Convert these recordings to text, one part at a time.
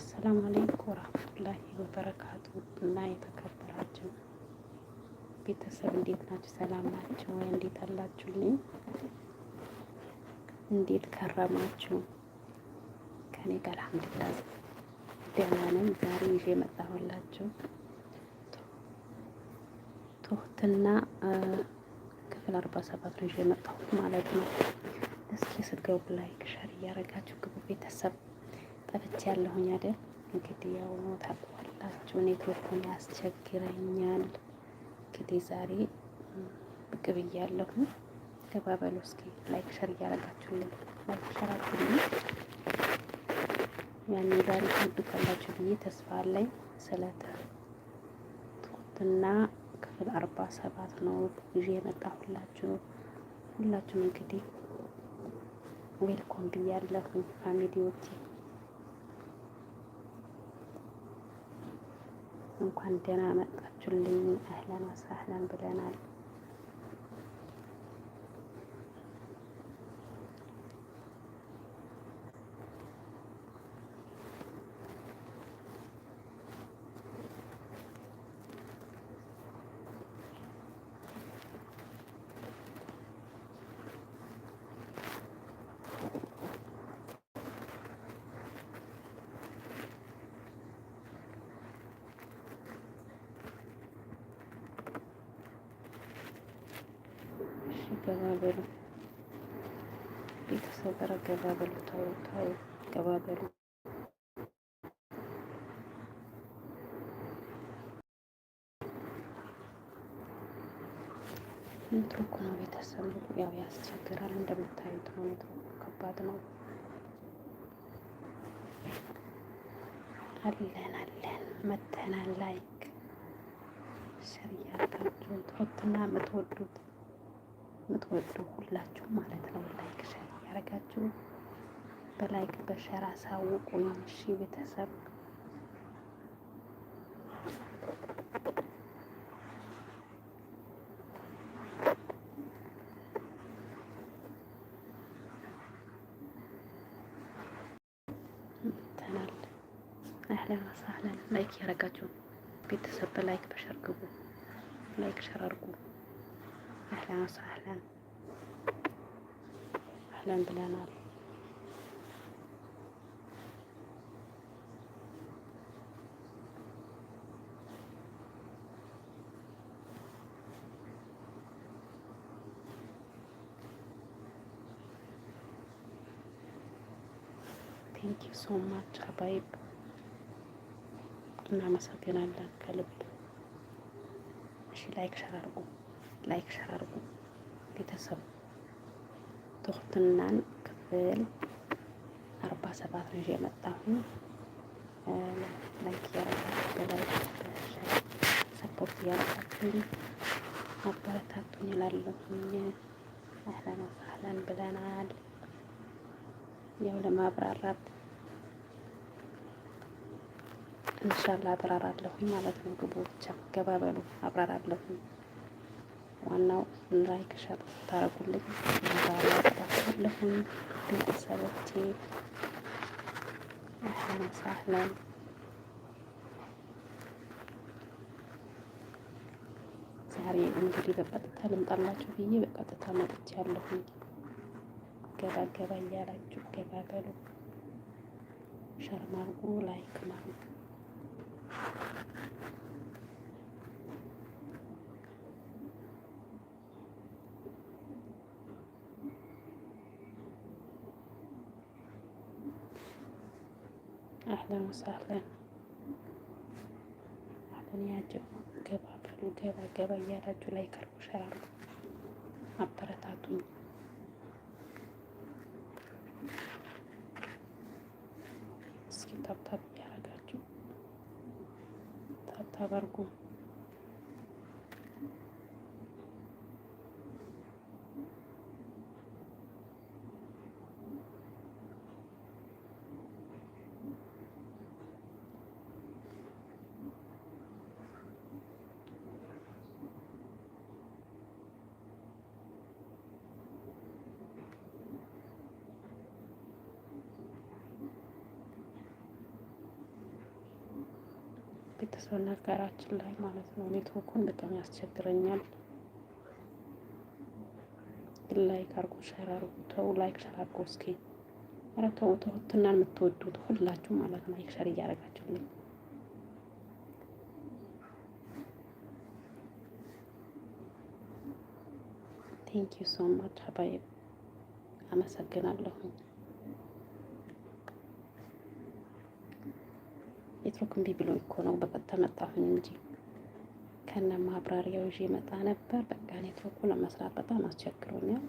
አሰላሙ አለይኩም ወራህመቱላሂ ወበረካቱ እና የተከበራችሁ ቤተሰብ እንዴት ናችሁ? ሰላም ናችሁ ወይ? እንዴት አላችሁልኝ? እንዴት ከረማችሁ? ከኔ ጋር አልሐምዱሊላህ ደህና ነኝ። ዛሬ ይዤ መጣሁላችሁ ትሁትና ክፍል አርባ ሰባት ነው ይዤ መጣሁት ማለት ነው። እስኪ ስገቡ ላይክ ሸር እያደረጋችሁ ግቡ ቤተሰብ ጠፍቼ ያለሁኝ አይደል? እንግዲህ ያው ታውቃላችሁ፣ ኔትወርኩን ያስቸግረኛል። እንግዲህ ዛሬ ብቅ ብያለሁ። ገባ በሉ እስኪ ላይክ ሸር እያደረጋችሁልኝ፣ ላይክ ሸር አድርጉልኝ። ያኔ ዛሬ ትወዱታላችሁ ብዬ ተስፋ አለኝ። ስለተ ትኩትና ክፍል አርባ ሰባት ነው ይዤ የመጣሁላችሁ። ሁላችሁም እንግዲህ ዌልኮም ብያለሁ ፋሚሊዎቼ እንኳን ደህና መጣችሁልኝ። አህለን ወሰህለን ብለናል። ይገባበሉ ቤተሰብ ጋር ገባበሉ። ተው ተው ገባበሉ። ኔትወርክ ነው ቤተሰብ ያው ያስቸግራል። እንደምታዩት ነው ኔትወርክ ከባድ ነው። አለን አለን መተናል። ላይክ ሸር እያደረጋችሁ ትወዱትና የምትወዱት የምትወዱ ሁላችሁ ማለት ነው ላይክ ሸር ያደረጋችሁ በላይክ በሸር አሳውቁኝ። እሺ ቤተሰብ ተናል አህለን ወሳህለን ላይክ ያደረጋችሁ ቤተሰብ በላይክ በሸር ግቡ። ላይክ ሸር አድርጉ። አህለን ወሰህለን አህለን ብለናል። ቴንኪ ሶ ማች አባይብ እናመሰግናለን ከልብ። እሺ ላይክ ሸር አድርጉ። ላይክ ሸር አድርጉ ቤተሰብ። ትሁትናን ክፍል አርባ ሰባት ነው የመጣሁ ላይክ ያረጋችሁ ሰፖርት እያረጋችሁኝ አበረታቱኝ እላለሁኝ። አህለን ወሰህለን ብለናል። ያው ለማብራራት እንሻላ አብራራለሁኝ ማለት ነው። ግቡ ብቻ ገባ በሉ አብራራለሁኝ። ዋናው ላይክ ሸር ታደርጉልኝ ባላባለሁኝ ቤተሰቦቼ ሳህለን ዛሬ እንግዲህ በቀጥታ ልምጣላችሁ ብዬ በቀጥታ መጥቻለሁኝ። ገባገባ እያላችሁ ገባገሉ ሸር ማርጉ ላይክ ማርጉ አህለን ወሳህለን አህለን ያጀቡ ገባ ገባ ገባ እያላችሁ ላይ ከርቡ ሸራሉ አበረታቱኝ። ቤተሰብ ነገራችን ላይ ማለት ነው። ኔትወርኩን በጣም ያስቸግረኛል። ላይክ አርጎ ሸር አርጉ። ተው ላይክ ሸር አርጎ እስኪ ኧረ ተው ተው። ትናን የምትወዱት ሁላችሁ ማለት ነው ላይክ ሸር እያደረጋችሁልኝ ዩ ሶ ማች ሀባይ አመሰግናለሁኝ። ጴጥሮክ እምቢ ብሎ እኮ ነው በቀጥታ መጣሁኝ እንጂ ከነ ማብራሪያው ይዤ መጣ ነበር። በቃ ኔትወርኩን ለመስራት በጣም አስቸግሮኛል።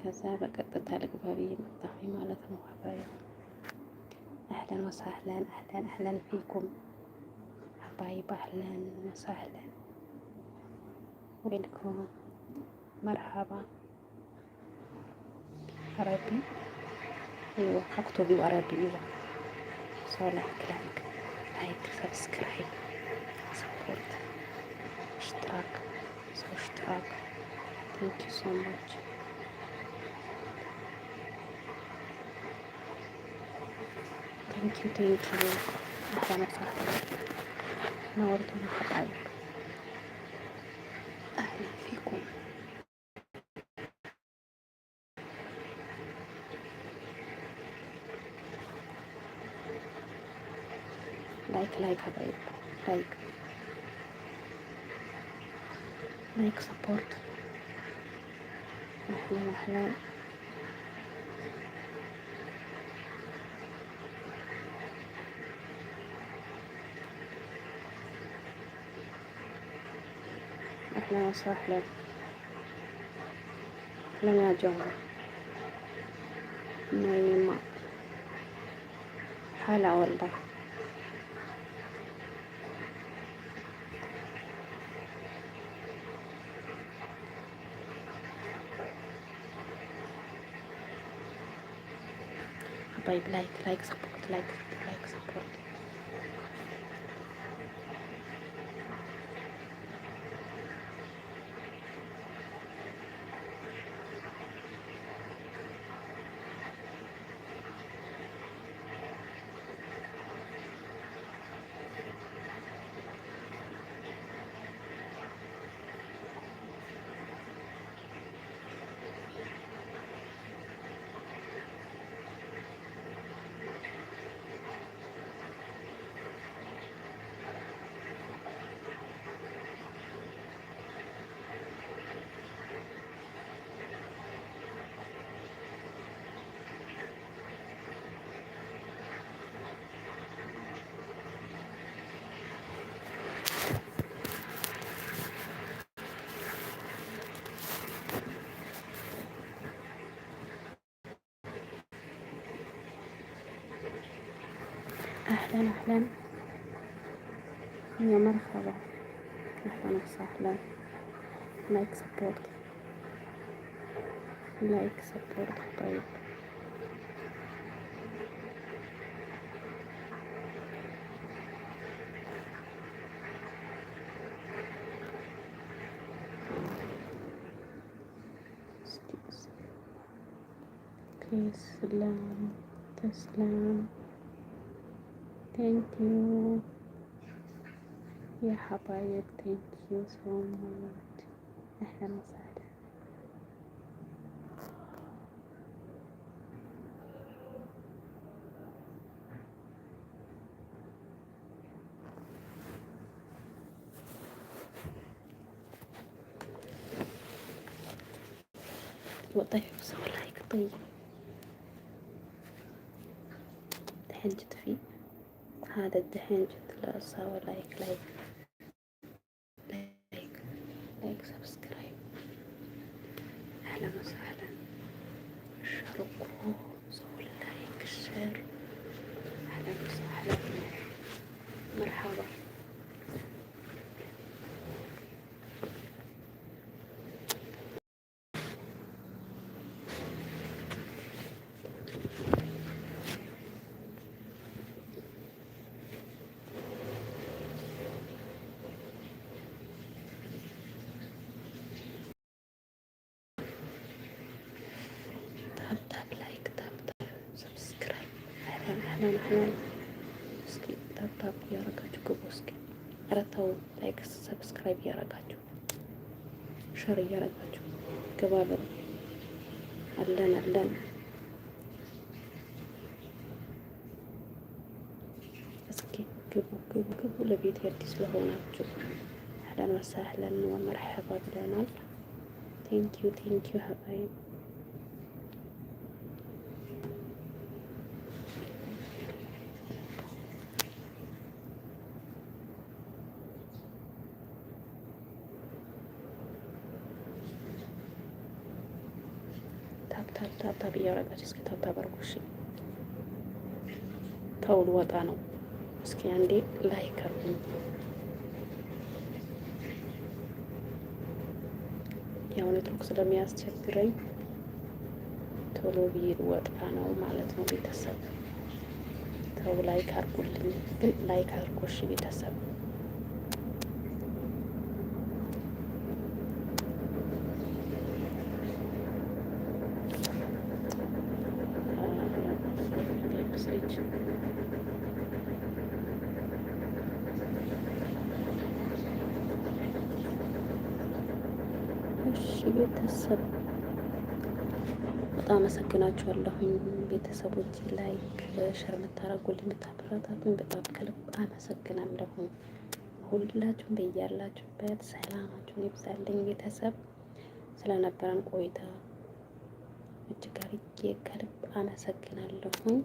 ከዛ በቀጥታ ልግባ መጣሁኝ ማለት ነው። አባያ አህለን ወሳህለን አህለን አህለን ፊኩም አባይ ባህለን ወሳህለን ዌልኩም መርሃባ አረቢ ይዋ አክቶቢው አረቢ ይዋ So like, like, like, subscribe, support, hashtag, so hashtag. Thank you so much. Thank you, thank you. I'm to talk. I'm gonna لايك لايك حبايب لايك لايك سبورت احنا احنا احنا صاحنا احنا يا جماعه نايمه حاله والله Bye, like, like, support, like, like, support. أهلا أهلا يا مرحبا أهلا وسهلا لايك سبورت لايك سبورت طيب تسلم تسلم ቴንኪዩ የሀባየር ቴንኪዩ ሶማች እህለን ወሳደ وطيب بسم الله يقطيب تحجت فيه هذا الدحين جبت له سوى لايك لايك لايك لايك سبسكرايب أهلا وسهلا اشتركوا سووا لايك شير አፍላናናል እስኪ ታብታብ እያረጋችሁ ግቡ። እስኪ ኧረ ተው ላይክ ሰብስክራይብ እያረጋችሁ ሸር እያረጋችሁ ግባ በሉ። አለን አለን እስኪ ግቡ ግቡ ግቡ። ለቤት አዲስ ለሆናችሁ አህለን ወሰህለን ወመርሐባ ብለናል። ቴንኪዩ ቴንኪዩ ሀባይ ታታታ ታብታብ እያወረቃች እስኪ ታታ አርጉሽ። ተውል ወጣ ነው። እስኪ አንዴ ላይክ አርጉኝ። ያው ኔትወርክ ስለሚያስቸግረኝ ቶሎ ብዬ ወጣ ነው ማለት ነው። ቤተሰብ ተው ላይክ አርጉልኝ፣ ግን ላይክ አርጎሽ ቤተሰብ እሺ ቤተሰብ በጣም አመሰግናችኋለሁኝ። ቤተሰቦች ላይክ ሸር የምታደርጉልኝ የምታበረታቱኝ በጣም ከልብ አመሰግናለሁ። ሁላችሁም በያላችሁበት ሰላማችሁን ይብዛልኝ። ቤተሰብ ስለነበረን ቆይታ እጅግ አድርጌ ከልብ አመሰግናለሁኝ።